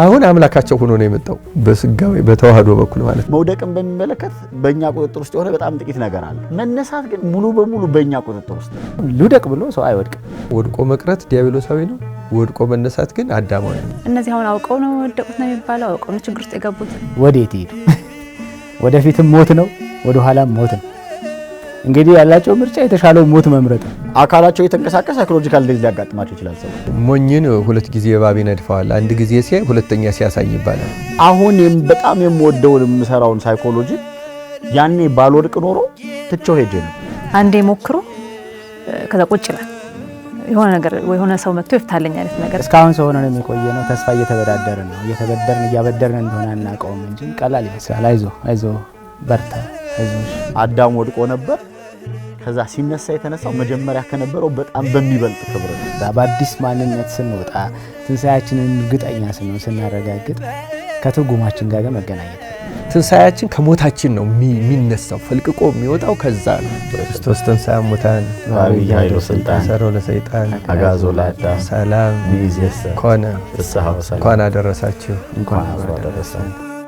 አሁን አምላካቸው ሆኖ ነው የመጣው በስጋዊ በተዋህዶ በኩል ማለት ነው። መውደቅን በሚመለከት በእኛ ቁጥጥር ውስጥ የሆነ በጣም ጥቂት ነገር አለ። መነሳት ግን ሙሉ በሙሉ በእኛ ቁጥጥር ውስጥ ነው። ልውደቅ ብሎ ሰው አይወድቅም። ወድቆ መቅረት ዲያብሎሳዊ ነው። ወድቆ መነሳት ግን አዳማዊ ነው። እነዚህ አሁን አውቀው ነው ወደቁት ነው የሚባለው። አውቀው ነው ችግር ውስጥ የገቡት። ወዴት ይሄዱ? ወደፊትም ሞት ነው፣ ወደኋላም ሞት ነው። እንግዲህ ያላቸው ምርጫ የተሻለው ሞት መምረጥ። አካላቸው የተንቀሳቀስ ሳይኮሎጂካል ዴዝ ሊያጋጥማቸው ይችላል። ሰው ሞኝን ሁለት ጊዜ እባብ ይነድፈዋል፣ አንድ ጊዜ ሲያይ፣ ሁለተኛ ሲያሳይ ይባላል። አሁን በጣም የምወደውን የምሰራውን ሳይኮሎጂ ያኔ ባልወድቅ ኖሮ ትቼው ሄጄ ነው። አንዴ ሞክሮ ከዛ ቁጭ ይላል። የሆነ ነገር ወይ የሆነ ሰው መጥቶ ይፍታለኝ አይነት ነገር እስካሁን ሰው ሆነ ነው የሚቆየ ነው። ተስፋ እየተበዳደረ ነው። እየተበደርን እያበደርን እንደሆነ አናውቀውም እንጂ ቀላል ይመስላል። አይዞ አይዞ በርታ አይዞ። አዳም ወድቆ ነበር ከዛ ሲነሳ የተነሳው መጀመሪያ ከነበረው በጣም በሚበልጥ ክብር ነው። በአዲስ ማንነት ስንወጣ ትንሳያችንን እርግጠኛ ስንሆን ስናረጋግጥ ከትርጉማችን ጋር መገናኘት ትንሳያችን ከሞታችን ነው የሚነሳው፣ ፈልቅቆ የሚወጣው ከዛ ነው። ክርስቶስ ትንሳያ ሙታን ወዐቢይ ስልጣን ወሥልጣን ለሰይጣን አጋዞ ላዳ ሰላም ኮነ። እንኳን አደረሳችሁ፣ እንኳን አብሮ